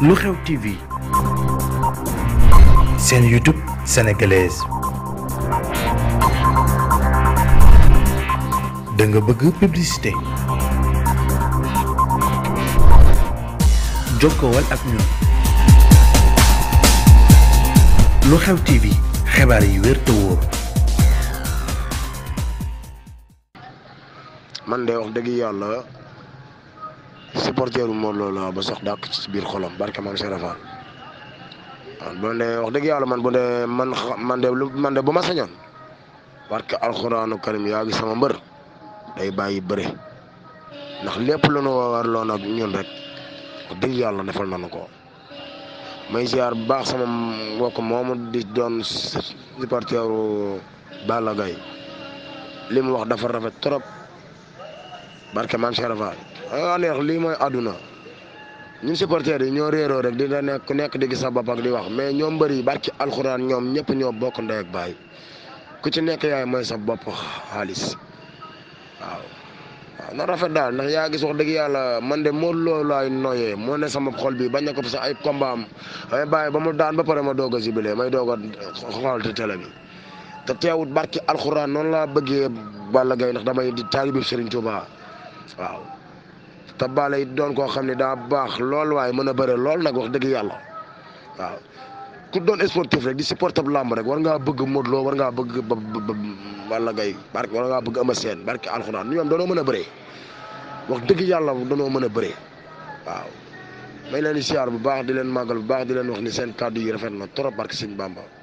lu TV seen YouTube sénégalaise da nga bëgg publicité jokkowal ak ñun lu TV xibaar yi wér te wóor. man wax dëgg yàlla. supporteru Modou Lo la ba sox biir xolam barke maam Cheikh Rafa waaw wax dëgg yàlla man bu ne man man man de bu ma sañoon barke alxuraanu karim yaa sama mbër day bàyyi bëre ndax lépp lu nu warloo nag ñun rek wax dëgg yàlla defal nañu ko may ziar bu baax sama mbokk moomu di doon supporteru Balla Gaye wax dafa rafet trop. barke maam Cheikh Rafa a ah, neex lii mooy àdduna ñun supporters yi ñoo réeroo rek di nekk ku nekk di gis sa bopp ak di wax mais ñoom bëri barke alxuraan ñoom ñëpp ñoo bokk ndey ak baay ku ci nekk yaay mooy sa bopp xaalis na rafet daal ndax yaa gis wax dëgg yàlla man de moo loolu laay noyee moo ne sama xol bi bañ na ko sax ay combat am ba mu daan ba pare ma doog a jubilé may doog a xool te télé bi te teewut barki alxuraan noonu laa bëggee Balla Gaye ndax damay di taalibu Serigne waaw te Balla it doon koo xam ne daa baax lool waaye mën a bëre lool nag wax dëgg yàlla waaw ku doon sportif rek di supportable làmb rek war ngaa bëgg Modou Lo war ngaa bëgg Balla Gaye barke war ngaa bëgg Ama Sène barke alxuraan ñoom danoo mën a bëree wax dëgg yàlla danoo mën a bëree waaw may leen di siyaar bu baax di leen màggal bu baax di leen wax ni seen kàddu yi rafet na trop barke Sëñ Bamba